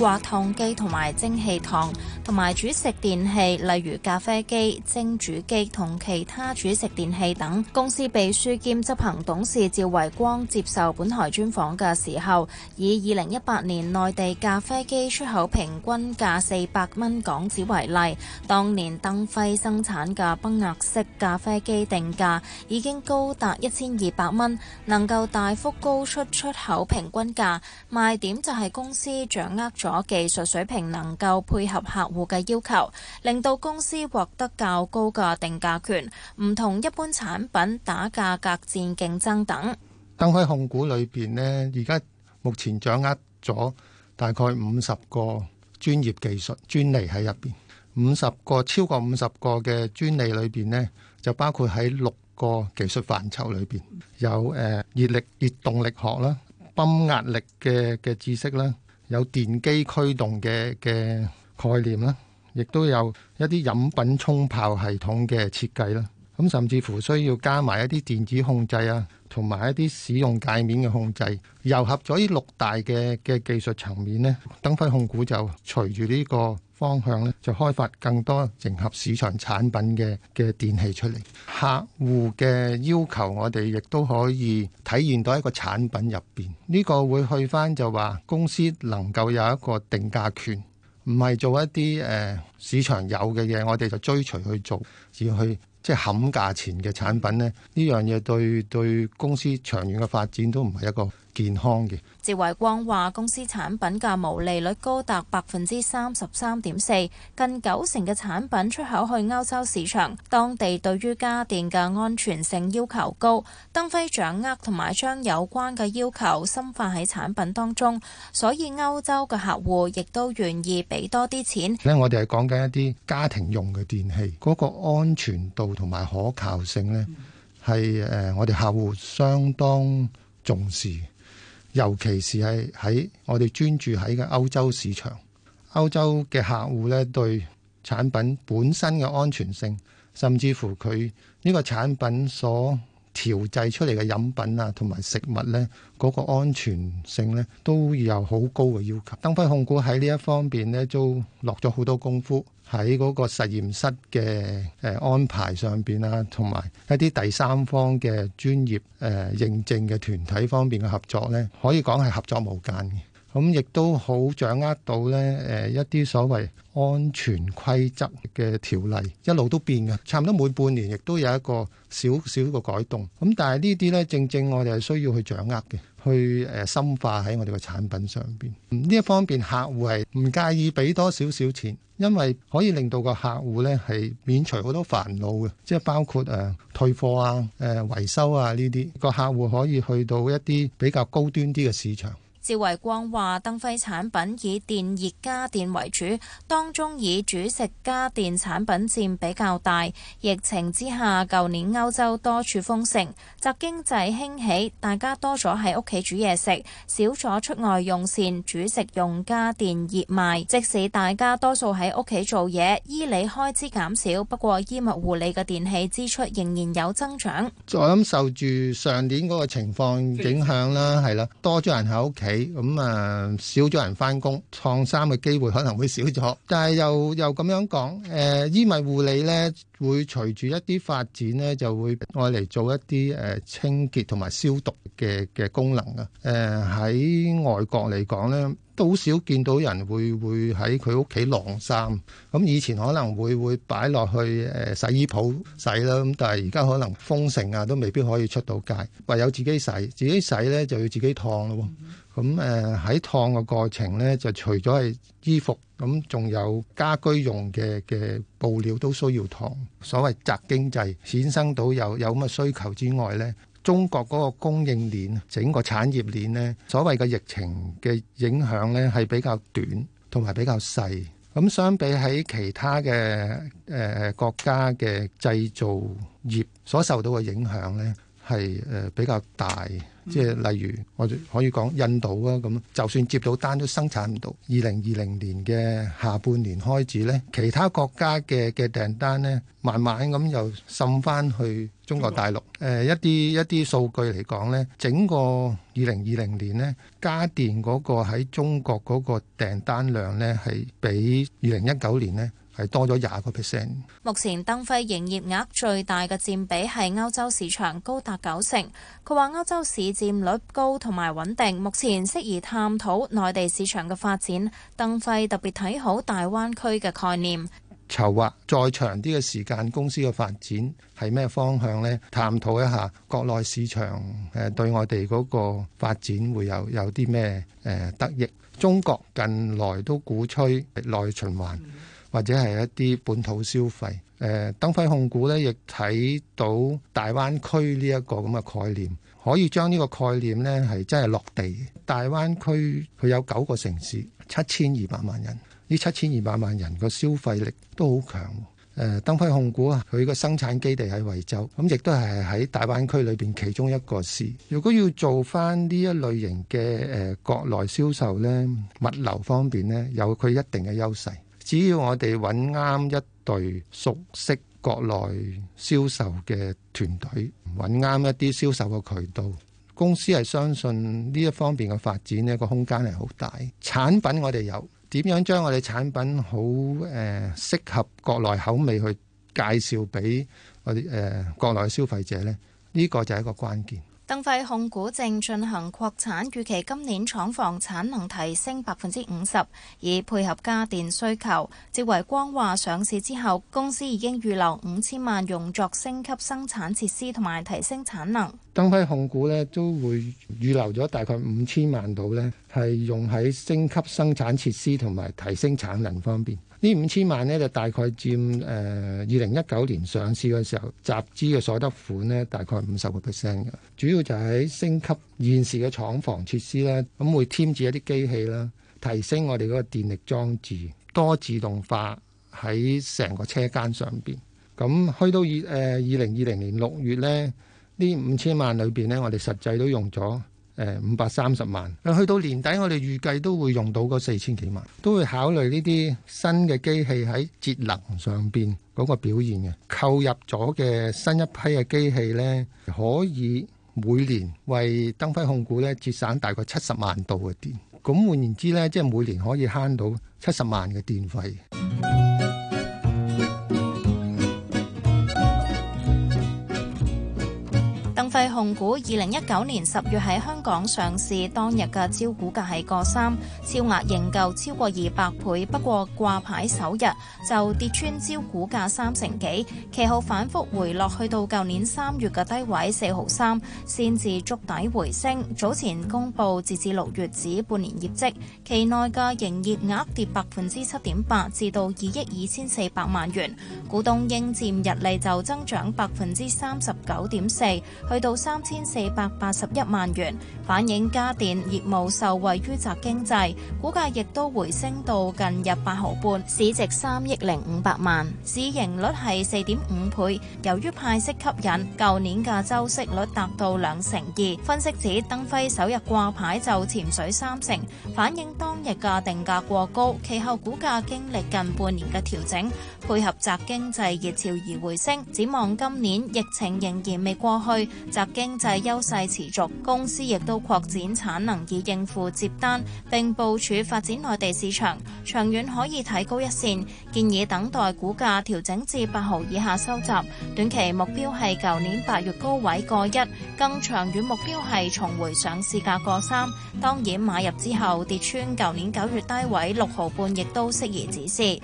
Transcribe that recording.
掛燙機同埋蒸汽燙，同埋煮食電器，例如咖啡機、蒸煮機同其他煮食電器等。公司秘書兼執行董事趙維光接受本台專訪嘅時候，以二零一八年內地咖啡機出口平均價四百蚊港紙為例，當年登輝生產嘅泵壓式咖啡機定價已經高達一千二百蚊，能夠大幅高出出口平均價，賣點就係公司掌握咗。咗技術水平能夠配合客戶嘅要求，令到公司獲得較高嘅定價權，唔同一般產品打價格戰競爭等。登輝控股裏邊咧，而家目前掌握咗大概五十個專業技術專利喺入邊，五十個超過五十個嘅專利裏邊咧，就包括喺六個技術範疇裏邊有誒熱力熱動力學啦、泵壓力嘅嘅知識啦。有電機驅動嘅嘅概念啦，亦都有一啲飲品沖泡系統嘅設計啦。咁甚至乎需要加埋一啲電子控制啊，同埋一啲使用界面嘅控制，糅合咗呢六大嘅嘅技術層面咧，登輝控股就隨住呢個方向咧，就開發更多融合市場產品嘅嘅電器出嚟。客戶嘅要求，我哋亦都可以體現到一個產品入邊，呢個會去翻就話公司能夠有一個定價權，唔係做一啲誒、呃、市場有嘅嘢，我哋就追隨去做而去。即係冚價錢嘅產品咧，呢樣嘢對對公司長遠嘅發展都唔係一個健康嘅。趙維光話公司產品嘅毛利率高達百分之三十三點四，近九成嘅產品出口去歐洲市場，當地對於家電嘅安全性要求高，登輝掌握同埋將有關嘅要求深化喺產品當中，所以歐洲嘅客戶亦都願意俾多啲錢。呢，我哋係講緊一啲家庭用嘅電器，嗰個安全度同埋可靠性咧，係誒我哋客戶相當重視。尤其是係喺我哋專注喺嘅歐洲市場，歐洲嘅客戶咧對產品本身嘅安全性，甚至乎佢呢個產品所調製出嚟嘅飲品啊，同埋食物呢，嗰個安全性呢，都有好高嘅要求。登輝控股喺呢一方面呢，都落咗好多功夫喺嗰個實驗室嘅誒安排上邊啦。同埋一啲第三方嘅專業誒認證嘅團體方面嘅合作呢，可以講係合作無間嘅。咁亦都好掌握到呢誒一啲所謂安全規則嘅條例，一路都變嘅。差唔多每半年亦都有一個小小嘅改動。咁但係呢啲呢，正正我哋係需要去掌握嘅，去誒深化喺我哋個產品上邊。呢一方面，客戶係唔介意俾多少少錢，因為可以令到個客戶呢係免除好多煩惱嘅，即係包括誒退貨啊、誒維修啊呢啲。個客戶可以去到一啲比較高端啲嘅市場。趙維光話：登輝產品以電熱家電為主，當中以煮食家電產品佔比較大。疫情之下，舊年歐洲多處封城，集經濟興起，大家多咗喺屋企煮嘢食，少咗出外用膳，煮食用家電熱賣。即使大家多數喺屋企做嘢，衣理開支減少，不過衣物護理嘅電器支出仍然有增長。再咁受住上年嗰個情況影響啦，係啦、嗯，多咗人喺屋企。咁啊，少咗人返工，燙衫嘅機會可能會少咗。但係又又咁樣講，誒，衣物護理呢會隨住一啲發展呢，就會用嚟做一啲誒清潔同埋消毒嘅嘅功能啊。誒，喺外國嚟講呢，都好少見到人會會喺佢屋企晾衫。咁以前可能會會擺落去誒洗衣鋪洗啦，咁但係而家可能封城啊，都未必可以出到街，唯有自己洗。自己洗呢就要自己燙咯。咁誒，喺燙嘅過程咧，就除咗係衣服，咁、嗯、仲有家居用嘅嘅布料都需要燙，所謂宅經濟衍生到有有咁嘅需求之外咧，中國嗰個供應鏈整個產業鏈咧，所謂嘅疫情嘅影響咧，係比較短同埋比較細，咁、嗯、相比喺其他嘅誒、呃、國家嘅製造業所受到嘅影響咧，係誒、呃、比較大，即係例如我哋可以講印度啊，咁，就算接到單都生產唔到。二零二零年嘅下半年開始呢，其他國家嘅嘅訂單呢，慢慢咁又滲翻去中國大陸。誒國、呃、一啲一啲數據嚟講呢，整個二零二零年呢，家電嗰個喺中國嗰個訂單量呢，係比二零一九年呢，係多咗廿個 percent。目前登輝營業額最大嘅佔比係歐洲市場高達，高達九成。佢話歐洲市佔率高同埋穩定，目前適宜探討內地市場嘅發展。登輝特別睇好大灣區嘅概念，籌劃再長啲嘅時間，公司嘅發展係咩方向呢？探討一下國內市場誒，對我哋嗰個發展會有有啲咩誒得益？中國近來都鼓吹內循環。或者係一啲本土消費。誒、呃，登輝控股咧，亦睇到大灣區呢一個咁嘅概念，可以將呢個概念呢係真係落地。大灣區佢有九個城市，七千二百萬人。呢七千二百萬人個消費力都好強。誒、呃，登輝控股啊，佢個生產基地喺惠州，咁、嗯、亦都係喺大灣區裏邊其中一個市。如果要做翻呢一類型嘅誒、呃、國內銷售呢，物流方面呢，有佢一定嘅優勢。只要我哋揾啱一隊熟悉國內銷售嘅團隊，揾啱一啲銷售嘅渠道，公司係相信呢一方面嘅發展呢、嗰個空間係好大。產品我哋有，點樣將我哋產品好誒、呃、適合國內口味去介紹俾我哋誒、呃、國內消費者呢？呢、呢個就係一個關鍵。登輝控股正進行擴產，預期今年廠房產能提升百分之五十，以配合家電需求。趙維光話：上市之後，公司已經預留五千萬用作升級生產設施同埋提升產能。登輝控股咧都會預留咗大概五千萬度咧。係用喺升級生產設施同埋提升產能方面，呢五千萬呢，就大概佔誒二零一九年上市嘅時候集資嘅所得款呢，大概五十個 percent 嘅。主要就喺升級現時嘅廠房設施啦，咁會添置一啲機器啦，提升我哋嗰個電力裝置，多自動化喺成個車間上邊。咁去到二誒二零二零年六月呢，呢五千萬裏邊呢，我哋實際都用咗。誒五百三十萬，去到年底我哋預計都會用到嗰四千幾萬，都會考慮呢啲新嘅機器喺節能上邊嗰個表現嘅，購入咗嘅新一批嘅機器呢，可以每年為登輝控股呢節省大概七十萬度嘅電，咁換言之呢，即係每年可以慳到七十萬嘅電費。輝控股二零一九年十月喺香港上市當日嘅招股價係個三，超額仍舊超過二百倍，不過掛牌首日就跌穿招股價三成幾，期後反覆回落去到舊年三月嘅低位四毫三，先至築底回升。早前公布截至六月止半年業績，期內嘅營業額,額跌百分之七點八至到二億二千四百萬元，股東應佔溢利就增長百分之三十九點四，去。到三千四百八十一萬元，反映家電業務受惠於宅經濟，股價亦都回升到近日八毫半，市值三億零五百萬，市盈率係四點五倍。由於派息吸引，舊年嘅周息率達到兩成二。分析指登輝首日掛牌就潛水三成，反映當日嘅定價過高。其後股價經歷近半年嘅調整，配合宅經濟熱潮而回升。展望今年疫情仍然未過去。集經濟優勢持續，公司亦都擴展產能以應付接單，並部署發展內地市場，長遠可以睇高一線。建議等待股價調整至八毫以下收集，短期目標係舊年八月高位個一，更長遠目標係重回上市價個三。當然買入之後跌穿舊年九月低位六毫半，亦都適宜指示。